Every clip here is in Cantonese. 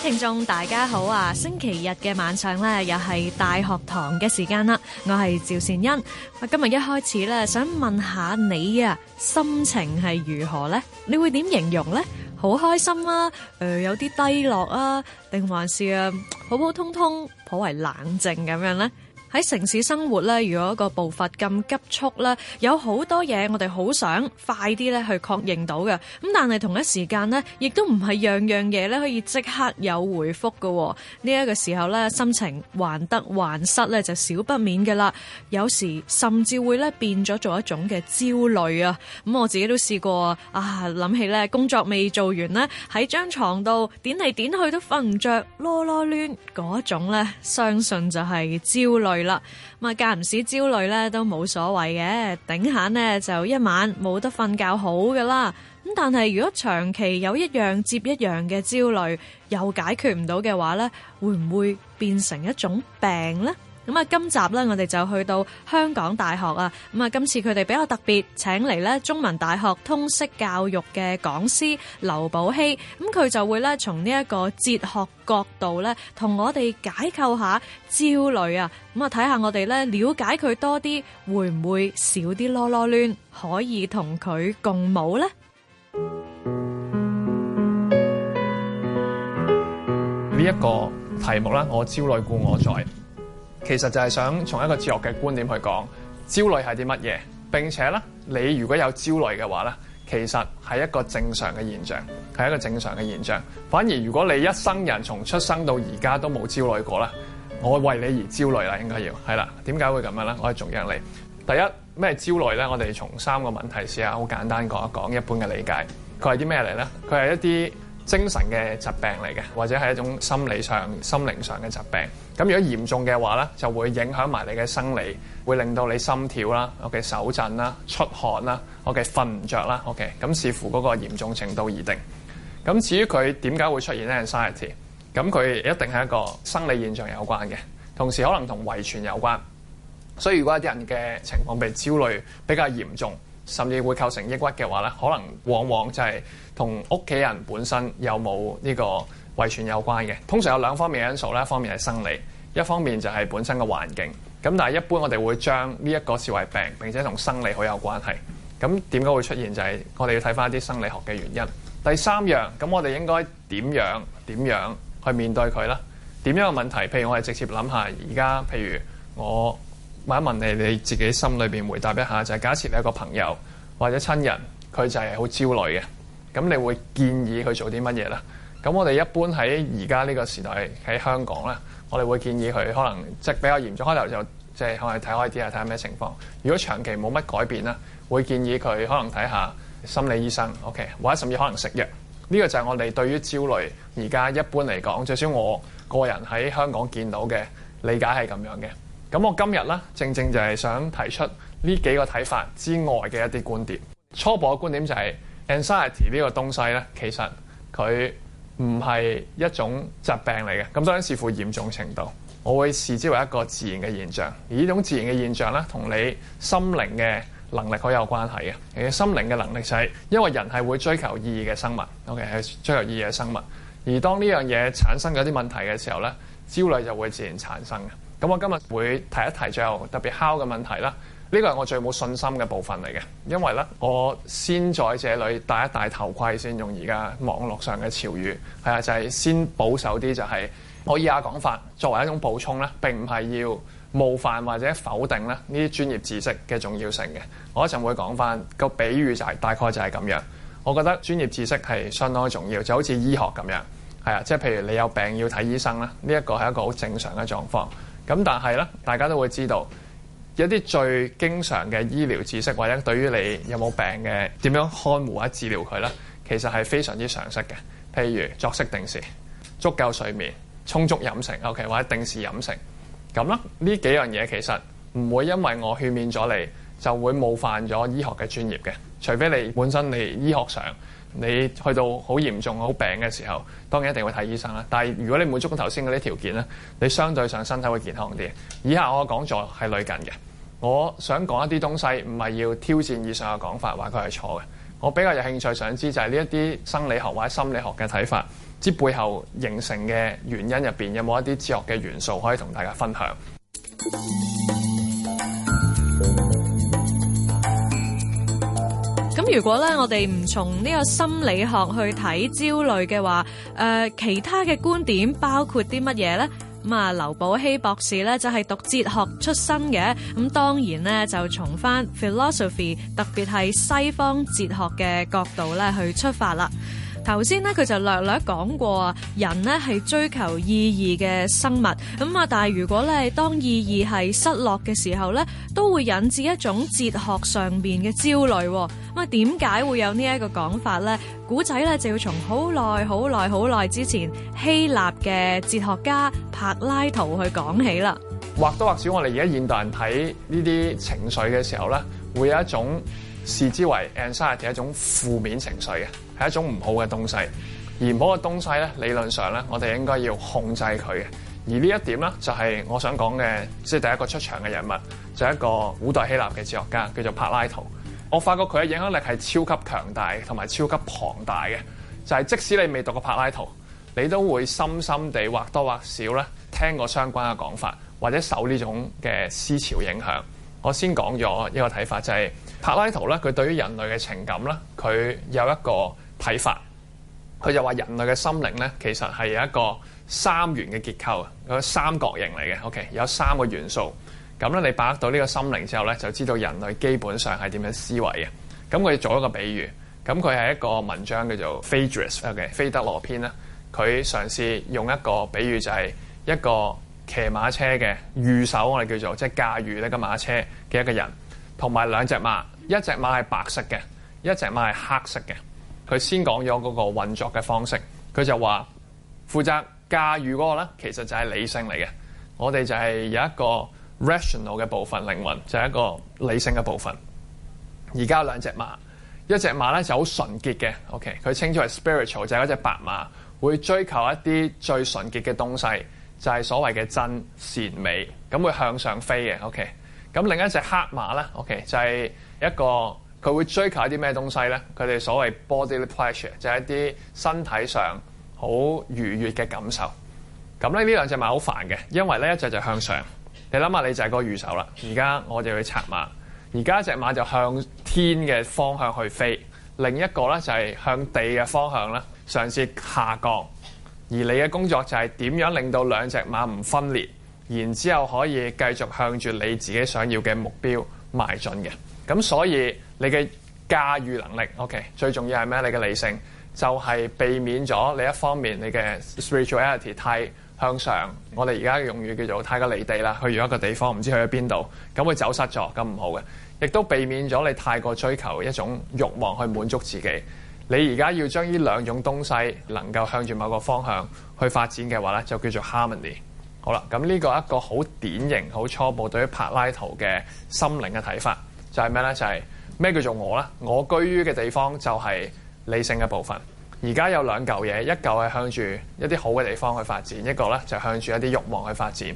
聽眾大家好啊！星期日嘅晚上咧，又係大學堂嘅時間啦。我係趙善恩。我今日一開始咧，想問下你啊，心情係如何咧？你會點形容咧？好開心啊？誒，有啲低落啊？定還是啊，普普通通，頗為冷靜咁樣咧？喺城市生活咧，如果一個步伐咁急促咧，有好多嘢我哋好想快啲咧去確認到嘅，咁但係同一時間咧，亦都唔係樣樣嘢咧可以即刻有回覆嘅。呢一個時候咧，心情患得患失咧就少不免嘅啦。有時甚至會咧變咗做一種嘅焦慮啊！咁我自己都試過啊，啊，諗起咧工作未做完咧，喺張床度點嚟點去都瞓唔着囉囉攣嗰種咧，相信就係焦慮。啦，咁啊間唔時焦慮咧都冇所謂嘅，頂下呢就一晚冇得瞓覺好噶啦。咁但係如果長期有一樣接一樣嘅焦慮又解決唔到嘅話咧，會唔會變成一種病咧？咁啊，今集咧，我哋就去到香港大學啊。咁啊，今次佢哋比較特別，請嚟咧中文大學通識教育嘅講師劉保禧。咁佢就會咧，從呢一個哲學角度咧，同我哋解構下焦慮啊。咁啊，睇下我哋咧，了解佢多啲，會唔會少啲囉囉攣，可以同佢共舞呢？呢一個題目啦，我焦慮故我在。其實就係想從一個哲學嘅觀點去講焦慮係啲乜嘢，並且咧，你如果有焦慮嘅話咧，其實係一個正常嘅現象，係一個正常嘅現象。反而如果你一生人從出生到而家都冇焦慮過咧，我為你而焦慮啦，應該要係啦。點解會咁樣咧？我係重一你第一咩焦慮咧？我哋從三個問題試下好簡單講一講一般嘅理解。佢係啲咩嚟咧？佢係一啲。精神嘅疾病嚟嘅，或者係一種心理上、心靈上嘅疾病。咁如果嚴重嘅話咧，就會影響埋你嘅生理，會令到你心跳啦、OK 手震啦、出汗啦、OK 瞓唔着啦、OK 咁視乎嗰個嚴重程度而定。咁至於佢點解會出現咧？Anxiety，咁佢一定係一個生理現象有關嘅，同時可能同遺傳有關，所以如果一啲人嘅情況被焦慮比較嚴重，甚至會構成抑鬱嘅話咧，可能往往就係同屋企人本身有冇呢個遺傳有關嘅。通常有兩方面的因素咧，一方面係生理，一方面就係本身嘅環境。咁但係一般我哋會將呢一個視為病，並且同生理好有關係。咁點解會出現就係我哋要睇翻一啲生理學嘅原因。第三樣，咁我哋應該點樣點樣去面對佢啦？點樣嘅問題？譬如我哋直接諗下而家，譬如我。問一問你，你自己心裏邊回答一下，就係假設你有個朋友或者親人，佢就係好焦慮嘅，咁你會建議佢做啲乜嘢咧？咁我哋一般喺而家呢個時代喺香港咧，我哋會建議佢可能即係比較嚴重，開頭就即係可能睇開啲啊，睇下咩情況。如果長期冇乜改變咧，會建議佢可能睇下心理醫生，OK，或者甚至可能食藥。呢個就係我哋對於焦慮而家一般嚟講，最少我個人喺香港見到嘅理解係咁樣嘅。咁我今日咧，正正就係想提出呢幾個睇法之外嘅一啲觀點。初步嘅觀點就係 anxiety 呢個東西咧，其實佢唔係一種疾病嚟嘅。咁當然視乎嚴重程度，我會視之為一個自然嘅現象。而呢種自然嘅現象咧，同你心靈嘅能力好有關係嘅。你嘅心靈嘅能力就係因為人係會追求意義嘅生物，OK 係追求意義嘅生物。而當呢樣嘢產生咗啲問題嘅時候咧，焦慮就會自然產生嘅。咁我今日會提一提最後特別敲嘅問題啦。呢、這個係我最冇信心嘅部分嚟嘅，因為咧我先在這裡戴一戴頭盔先，用而家網絡上嘅潮語係啊，就係、是、先保守啲、就是，就係我以下講法作為一種補充咧，並唔係要冒犯或者否定咧呢啲專業知識嘅重要性嘅。我一陣會講返、那個比喻就係、是、大概就係咁樣。我覺得專業知識係相當重要，就好似醫學咁樣係啊，即係、就是、譬如你有病要睇醫生啦，呢、這個、一個係一個好正常嘅狀況。咁但係咧，大家都會知道一啲最經常嘅醫療知識，或者對於你有冇病嘅點樣看護或治療佢咧，其實係非常之常識嘅。譬如作息定時、足夠睡眠、充足飲食，OK，或者定時飲食咁啦。呢幾樣嘢其實唔會因為我勸勉咗你，就會冒犯咗醫學嘅專業嘅，除非你本身你醫學上，你去到好嚴重、好病嘅時候，當然一定會睇醫生啦。但係如果你滿足頭先嗰啲條件咧，你相對上身體會健康啲。以下我嘅講座係類近嘅，我想講一啲東西，唔係要挑戰以上嘅講法，話佢係錯嘅。我比較有興趣想知就係呢一啲生理學或者心理學嘅睇法，之背後形成嘅原因入面，有冇一啲哲學嘅元素可以同大家分享。咁如果咧，我哋唔從呢個心理學去睇焦慮嘅話，誒、呃，其他嘅觀點包括啲乜嘢呢？咁啊，劉保禧博士咧就係讀哲學出身嘅，咁當然咧就從翻 philosophy，特別係西方哲學嘅角度咧去出發啦。頭先咧，佢就略略講過啊，人咧係追求意義嘅生物，咁啊，但係如果咧當意義係失落嘅時候咧，都會引致一種哲學上邊嘅焦慮。咁啊，點解會有呢一個講法咧？古仔咧就要從好耐、好耐、好耐之前希臘嘅哲學家柏拉圖去講起啦。或多或少，我哋而家現代人睇呢啲情緒嘅時候咧，會有一種。視之為 anxiety 係一種負面情緒嘅，係一種唔好嘅東西。而唔好嘅東西咧，理論上咧，我哋應該要控制佢嘅。而呢一點咧，就係我想講嘅，即係第一個出場嘅人物就係一個古代希臘嘅哲學家叫做柏拉圖。我發覺佢嘅影響力係超級強大同埋超級龐大嘅，就係即使你未讀過柏拉圖，你都會深深地或多或少咧聽過相關嘅講法，或者受呢種嘅思潮影響。我先講咗一個睇法，就係。柏拉圖咧，佢對於人類嘅情感咧，佢有一個睇法。佢就話人類嘅心靈咧，其實係有一個三元嘅結構，有三角形嚟嘅。OK，有三個元素。咁咧，你把握到呢個心靈之後咧，就知道人類基本上係點樣思維嘅。咁佢做了一個比喻，咁佢係一個文章叫做 Phaedrus, OK, 非羅《Phaedrus 嘅《菲德羅篇》啦。佢嘗試用一個比喻就是一個騎馬車的守，就係一個騎馬車嘅御手，我哋叫做即係駕馭呢個馬車嘅一個人。同埋兩隻馬，一隻馬係白色嘅，一隻馬係黑色嘅。佢先講咗嗰個運作嘅方式，佢就話負責駕馭嗰個咧，其實就係理性嚟嘅。我哋就係有一個 rational 嘅部分，靈魂就係一個理性嘅部分。而家有兩隻馬，一隻馬咧就好純潔嘅，OK，佢稱之為 spiritual，就係一隻白馬，會追求一啲最純潔嘅東西，就係所謂嘅真善美，咁會向上飛嘅，OK。咁另一隻黑馬咧，OK，就係一個佢會追求一啲咩東西咧？佢哋所謂 body pleasure 就係一啲身體上好愉悅嘅感受。咁咧呢兩隻馬好煩嘅，因為咧一隻就向上，你諗下你就係個御手啦。而家我哋要策馬，而家一隻馬就向天嘅方向去飛，另一個咧就係、是、向地嘅方向啦，嘗試下降。而你嘅工作就係點樣令到兩隻馬唔分裂？然之後可以繼續向住你自己想要嘅目標邁進嘅。咁所以你嘅駕馭能力，OK，最重要係咩？你嘅理性就係避免咗你一方面你嘅 spirituality 太向上。我哋而家用語叫做太過離地啦，去咗一個地方，唔知去咗邊度，咁會走失咗，咁唔好嘅。亦都避免咗你太過追求一種慾望去滿足自己。你而家要將呢兩種東西能夠向住某個方向去發展嘅話咧，就叫做 harmony。好啦，咁呢個一個好典型、好初步對於柏拉圖嘅心靈嘅睇法就係咩呢？就係咩叫做我呢？「我居於嘅地方就係理性嘅部分。而家有兩嚿嘢，一嚿係向住一啲好嘅地方去發展，一個咧就向住一啲欲望去發展。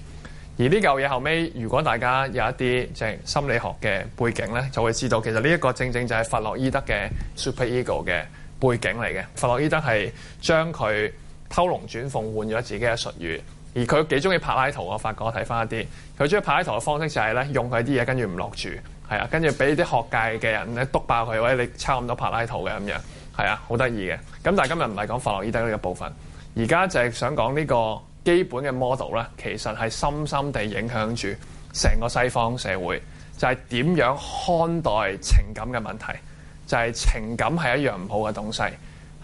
而呢嚿嘢後尾，如果大家有一啲即係心理學嘅背景呢，就會知道其實呢一個正正就係弗洛伊德嘅 super ego 嘅背景嚟嘅。弗洛伊德係將佢偷龍轉鳳，換咗自己嘅術語。而佢幾中意柏拉圖，我發覺我睇翻一啲佢中意柏拉圖嘅方式就係咧用佢啲嘢，跟住唔落住係啊，跟住俾啲學界嘅人咧篤爆佢，或者你抄咁多柏拉圖嘅咁樣係啊，好得意嘅。咁但係今日唔係講法洛伊德呢個部分，而家就係想講呢個基本嘅 model 咧，其實係深深地影響住成個西方社會，就係、是、點樣看待情感嘅問題，就係、是、情感係一樣唔好嘅東西，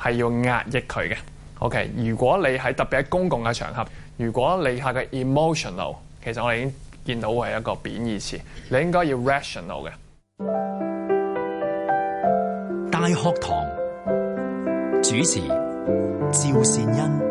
係要壓抑佢嘅。OK，如果你喺特別喺公共嘅場合。如果你下嘅 emotional，其實我哋已經見到係一個貶義詞，你應該要 rational 嘅。大學堂主持趙善恩。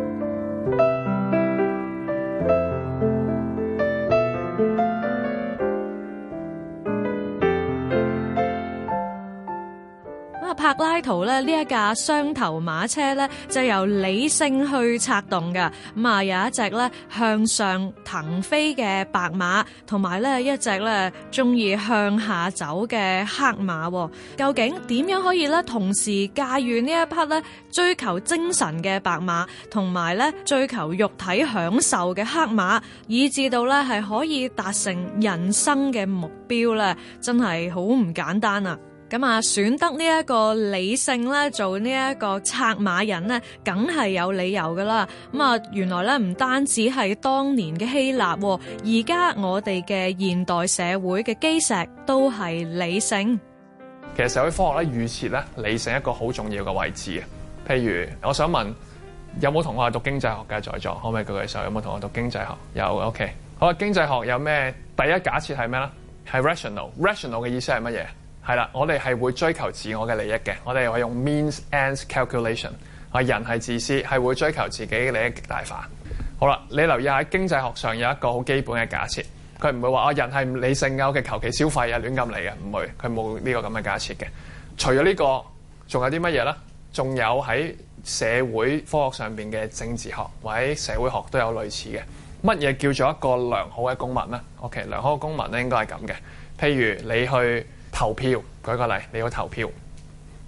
圖咧呢一架雙頭馬車咧，就由理性去策動噶。咁啊，有一隻咧向上騰飛嘅白馬，同埋咧一隻咧中意向下走嘅黑馬。究竟點樣可以咧同時駕馭呢一匹咧追求精神嘅白馬，同埋咧追求肉體享受嘅黑馬，以至到咧係可以達成人生嘅目標咧？真係好唔簡單啊！咁啊，選得呢一個理性咧，做呢一個策馬人咧，梗係有理由噶啦。咁啊，原來咧唔單止係當年嘅希臘，而家我哋嘅現代社會嘅基石都係理性。其實社會科學咧，預設咧，理性一個好重要嘅位置。譬如，我想問有冇同學係讀經濟學嘅在座，可唔可以舉舉手？有冇同學讀經濟學？有，OK。好，經濟學有咩？第一假設係咩咧？係 rational。rational 嘅意思係乜嘢？係啦，我哋係會追求自我嘅利益嘅。我哋係用 means and calculation 啊。人係自私，係會追求自己嘅利益極大化。好啦，你留意下經濟學上有一個好基本嘅假設，佢唔會話啊人係唔理性嘅。求其消費啊，亂咁嚟嘅，唔會，佢冇呢個咁嘅假設嘅。除咗呢個，仲有啲乜嘢咧？仲有喺社會科學上邊嘅政治學或者社會學都有類似嘅乜嘢叫做一個良好嘅公民咧？O K。良好嘅公民咧應該係咁嘅，譬如你去，投票，舉個例，你要投票。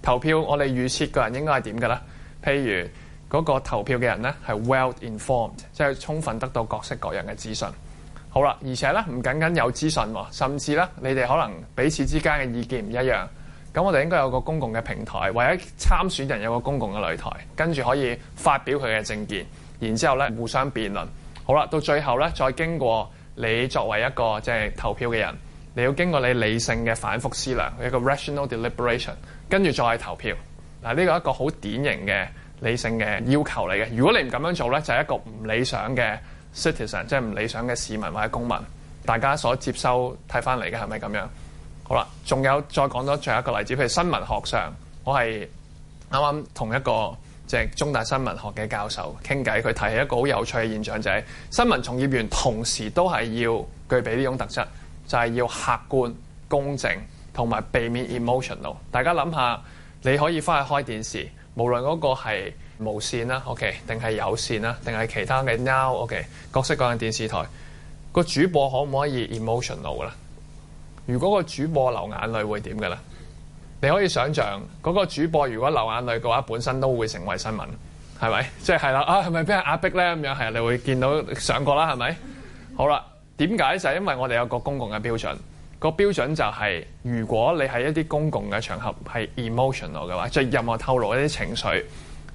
投票，我哋預設個人應該係點嘅咧？譬如嗰個投票嘅人咧，係 well informed，即係充分得到各式各樣嘅資訊。好啦，而且咧唔僅僅有資訊，甚至咧你哋可能彼此之間嘅意見唔一樣。咁我哋應該有個公共嘅平台，或者參選人有個公共嘅擂台，跟住可以發表佢嘅政見，然之後咧互相辯論。好啦，到最後咧再經過你作為一個即係投票嘅人。你要經過你理性嘅反覆思量一個 rational deliberation，跟住再投票嗱。呢個係一個好典型嘅理性嘅要求嚟嘅。如果你唔咁樣做咧，就係一個唔理想嘅 citizen，即係唔理想嘅市民或者公民。大家所接收睇翻嚟嘅係咪咁樣？好啦，仲有再講多最後一個例子，譬如新聞學上，我係啱啱同一個即係中大新聞學嘅教授傾偈，佢提起一個好有趣嘅現象，就係新聞從業員同時都係要具備呢種特質。就係要客觀、公正，同埋避免 emotional。大家諗下，你可以翻去開電視，無論嗰個係無線啦，OK，定係有線啦，定係其他嘅 now，OK，、okay, 角色各樣電視台，個主播可唔可以 emotional 噶啦？如果個主播流眼淚會點㗎啦？你可以想象嗰個主播如果流眼淚嘅話，本身都會成為新聞，係咪？即係係啦，啊，係咪俾人壓迫咧？咁樣係啊，你會見到上過啦，係咪？好啦。點解就係因為我哋有個公共嘅標準，個標準就係如果你喺一啲公共嘅場合係 emotional 嘅話，即係任何透露一啲情緒，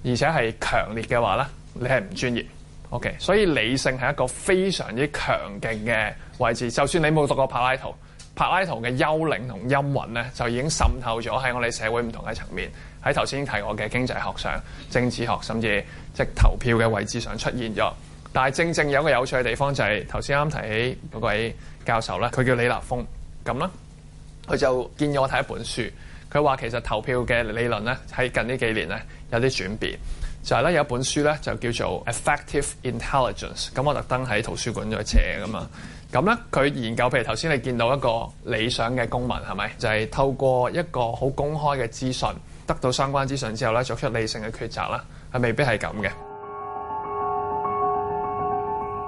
而且係強烈嘅話咧，你係唔專業。OK，所以理性係一個非常之強勁嘅位置。就算你冇讀過柏拉圖，柏拉圖嘅幽靈同陰雲咧，就已經滲透咗喺我哋社會唔同嘅層面。喺頭先提過嘅經濟學上、政治學，甚至即投票嘅位置上出現咗。但係正正有個有趣嘅地方就係頭先啱提起嗰位教授咧，佢叫李立峰咁啦，佢就建議我睇一本書，佢話其實投票嘅理論咧喺近呢幾年咧有啲轉變，就係、是、咧有一本書咧就叫做、e《Effective Intelligence》，咁我特登喺圖書館度借㗎嘛。咁咧佢研究，譬如頭先你見到一個理想嘅公民係咪，就係、是、透過一個好公開嘅資訊得到相關資訊之後咧，作出理性嘅抉擇啦，係未必係咁嘅。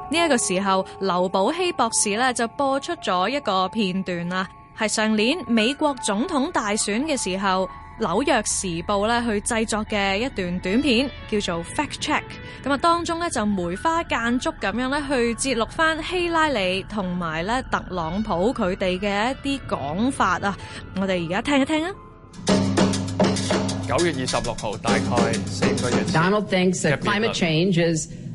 呢一個時候，劉保禧博士咧就播出咗一個片段啦，係上年美國總統大選嘅時候，《紐約時報》呢咧去製作嘅一段短片，叫做 Fact Check。咁啊，當中咧就梅花間竹咁樣咧去揭露翻希拉里同埋咧特朗普佢哋嘅一啲講法啊。我哋而家聽一聽啊。九月二十六號，大概四個月。Donald thinks that climate change is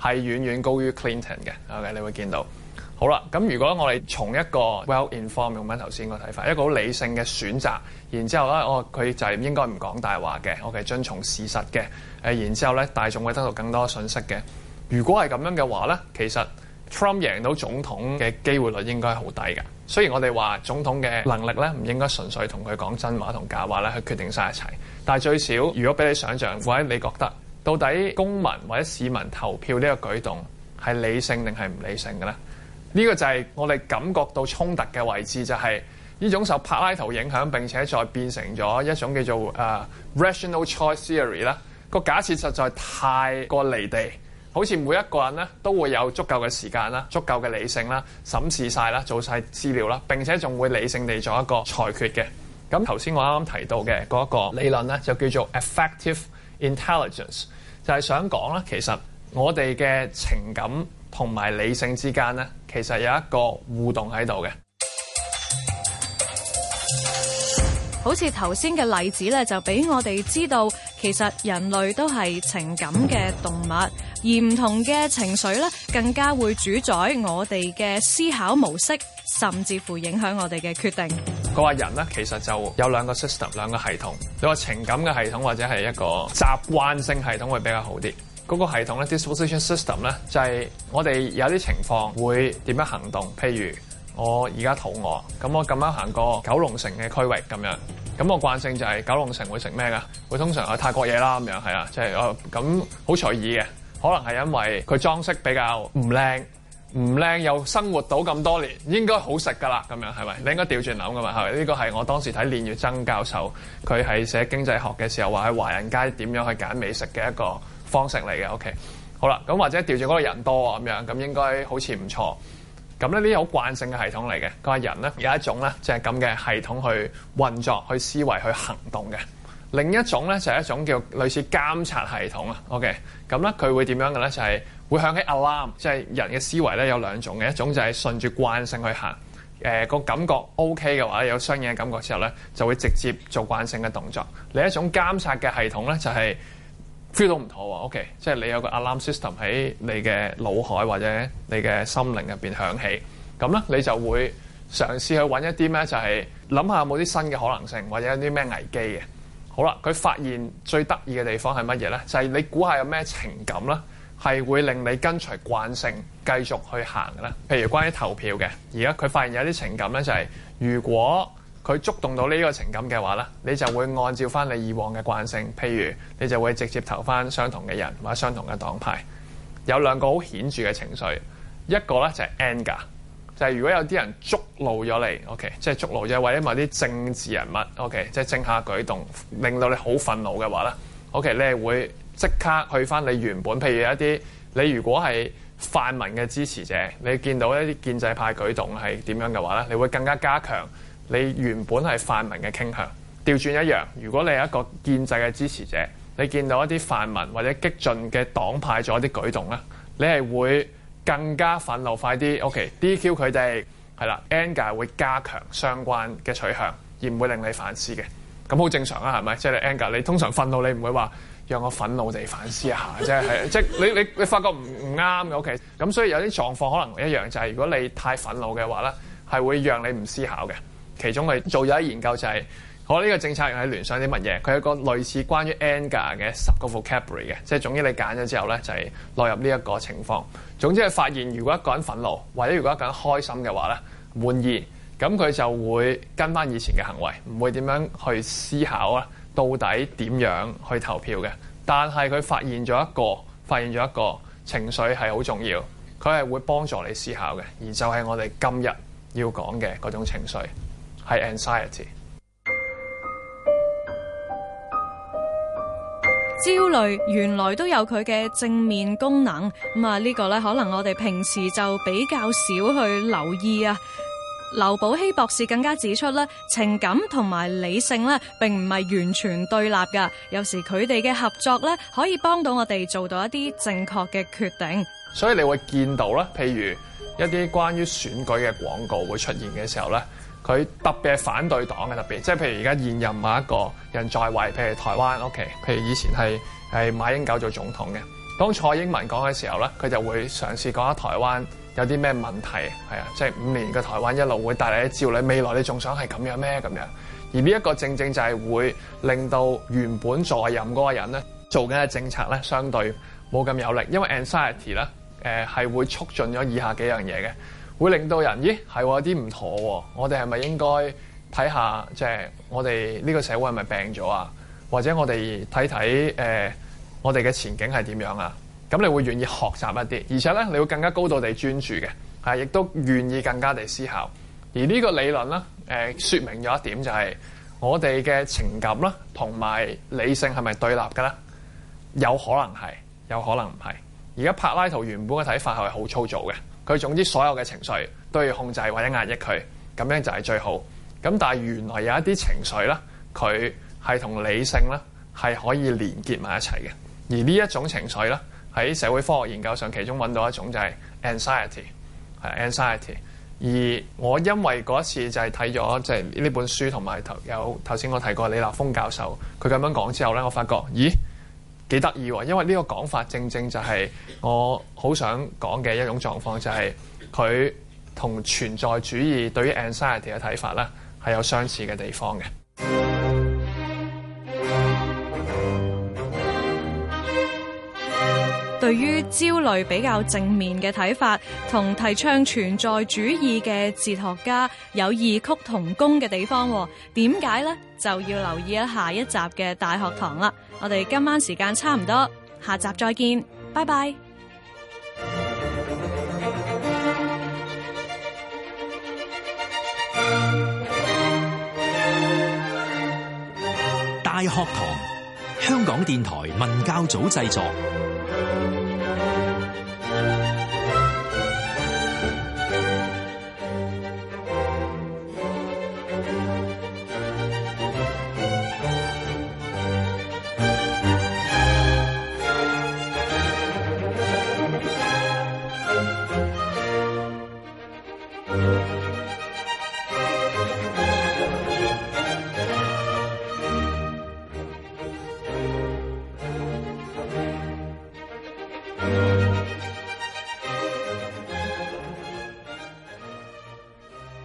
係遠遠高於 Clinton 嘅，OK？你會見到。好啦，咁如果我哋從一個 well-informed 用翻頭先個睇法，一個好理性嘅選擇，然之後咧，哦，佢就係應該唔講大話嘅，我、OK, 哋係遵從事實嘅。然之後咧，大眾會得到更多訊息嘅。如果係咁樣嘅話咧，其實 Trump 贏到總統嘅機會率應該好低嘅。雖然我哋話總統嘅能力咧，唔應該純粹同佢講真話同假話咧去決定晒一齊，但係最少如果俾你想象，或者你覺得。到底公民或者市民投票呢個舉動係理性定係唔理性嘅咧？呢、這個就係我哋感覺到衝突嘅位置，就係呢種受柏拉圖影響並且再變成咗一種叫做、uh, rational choice theory 啦。個假設實在太過離地，好似每一個人咧都會有足夠嘅時間啦、足夠嘅理性啦、審視晒啦、做晒資料啦，並且仲會理性地做一個裁決嘅。咁頭先我啱啱提到嘅嗰一個理論咧，就叫做 effective。Intelligence 就係想講啦，其實我哋嘅情感同埋理性之間咧，其實有一個互動喺度嘅。好似頭先嘅例子咧，就俾我哋知道，其實人類都係情感嘅動物，而唔同嘅情緒咧，更加會主宰我哋嘅思考模式，甚至乎影響我哋嘅決定。佢話人咧其實就有兩個 system 兩個系統，你話情感嘅系統或者係一個習慣性系統會比較好啲。嗰、那個系統咧，disposition system 咧就係、是、我哋有啲情況會點樣行動。譬如我而家肚餓，咁我咁啱行過九龍城嘅區域咁樣，咁我慣性就係九龍城會食咩噶？會通常去泰國嘢啦咁樣係啊，即係我咁好隨意嘅，可能係因為佢裝飾比較唔靚。唔靚又生活到咁多年，應該好食噶啦。咁樣係咪？你應該調轉諗噶嘛？係咪？呢個係我當時睇練月曾教授佢係寫經濟學嘅時候，話喺華人街點樣去揀美食嘅一個方式嚟嘅。O.K. 好啦，咁或者調轉嗰個人多啊，咁樣咁應該好似唔錯。咁呢啲好慣性嘅系統嚟嘅，個人咧有一種咧就係咁嘅系統去運作、去思維、去行動嘅。另一種咧就係一種叫類似監察系統啊。OK，咁咧佢會點樣嘅咧？就係會響起 alarm，即係人嘅思維咧有兩種嘅。一種就係順住慣性去行，誒個感覺 OK 嘅話，有相應嘅感覺之後咧就會直接做慣性嘅動作。另一種監察嘅系統咧就係 feel 到唔妥喎。OK，即係你有個 alarm system 喺你嘅腦海或者你嘅心靈入邊響起咁咧，你就會嘗試去揾一啲咩？就係諗下有冇啲新嘅可能性，或者有啲咩危機嘅。好啦，佢發現最得意嘅地方係乜嘢呢？就係、是、你估下有咩情感啦，係會令你跟隨慣性繼續去行嘅咧。譬如關於投票嘅，而家佢發現有啲情感呢，就係如果佢觸動到呢個情感嘅話呢，你就會按照翻你以往嘅慣性，譬如你就會直接投翻相同嘅人或者相同嘅黨派。有兩個好顯著嘅情緒，一個呢就係 Anger。就係如果有啲人觸怒咗你，OK，即係觸怒咗，或者某啲政治人物，OK，即係政客舉動，令到你好憤怒嘅話咧，OK，你係會即刻去翻你原本，譬如一啲你如果係泛民嘅支持者，你見到一啲建制派舉動係點樣嘅話咧，你會更加加強你原本係泛民嘅傾向。調轉一樣，如果你係一個建制嘅支持者，你見到一啲泛民或者激進嘅黨派做一啲舉動咧，你係會更加憤怒，快啲。OK. DQ 佢哋係啦，anger 會加強相關嘅取向，而唔會令你反思嘅。咁，好正常啊，係咪？即係你 anger，你通常憤怒，你唔會話讓我憤怒地反思一下，即係即係你你你發覺唔唔啱嘅。OK. 咁所以有啲狀況可能一樣，就係如果你太憤怒嘅話咧，係會讓你唔思考嘅。其中我做咗啲研究就係我呢個政策係聯想啲乜嘢？佢係一個類似關於 anger 嘅十個 vocabulary 嘅，即係總之你揀咗之後咧，就係落入呢一個情況。總之係發現，如果一個人憤怒，或者如果一個人開心嘅話咧，滿意，咁佢就會跟返以前嘅行為，唔會點樣去思考啊，到底點樣去投票嘅？但係佢發現咗一個，發現咗一個情緒係好重要，佢係會幫助你思考嘅，而就係我哋今日要講嘅嗰種情緒，係 anxiety。焦慮原來都有佢嘅正面功能，咁啊呢個咧可能我哋平時就比較少去留意啊。劉保禧博士更加指出咧，情感同埋理性咧，並唔係完全對立噶，有時佢哋嘅合作咧，可以幫到我哋做到一啲正確嘅決定。所以你會見到啦，譬如一啲關於選舉嘅廣告會出現嘅時候咧。佢特別係反對黨嘅特別，即係譬如而家現任某一個人在位，譬如台灣 OK，譬如以前係係馬英九做總統嘅。當蔡英文講嘅時候咧，佢就會嘗試講下台灣有啲咩問題？係啊，即係五年嘅台灣一路會帶嚟一照你未來你仲想係咁樣咩？咁樣而呢一個正正就係會令到原本在任嗰個人咧做緊嘅政策咧，相對冇咁有，有力，因為 anxiety 呢係會促進咗以下幾樣嘢嘅。會令到人，咦？係喎，有啲唔妥喎。我哋係咪應該睇下，即係我哋呢個社會係咪病咗啊？或者我哋睇睇誒，我哋嘅前景係點樣啊？咁你會願意學習一啲，而且咧，你會更加高度地專注嘅、啊，亦都願意更加地思考。而呢個理論咧，誒、呃，説明咗一點就係我哋嘅情感啦，同埋理性係咪對立嘅咧？有可能係，有可能唔係。而家柏拉圖原本嘅睇法係好粗糙嘅。佢總之所有嘅情緒都要控制或者壓抑佢，咁樣就係最好。咁但係原來有一啲情緒咧，佢係同理性咧係可以連結埋一齊嘅。而呢一種情緒咧，喺社會科學研究上，其中揾到一種就係 anxiety，係 anxiety。而我因為嗰一次就係睇咗即係呢本書和有，同埋頭有頭先我提過李立峰教授佢咁樣講之後咧，我發覺，咦？幾得意喎，因為呢個講法正正就係我好想講嘅一種狀況，就係佢同存在主義對於 anxiety 嘅睇法咧，係有相似嘅地方嘅。對於焦慮比較正面嘅睇法，同提倡存在主義嘅哲學家有異曲同工嘅地方，點解呢？就要留意一下一集嘅大學堂啦。我哋今晚時間差唔多，下集再見，拜拜。大學堂，香港電台文教組製作。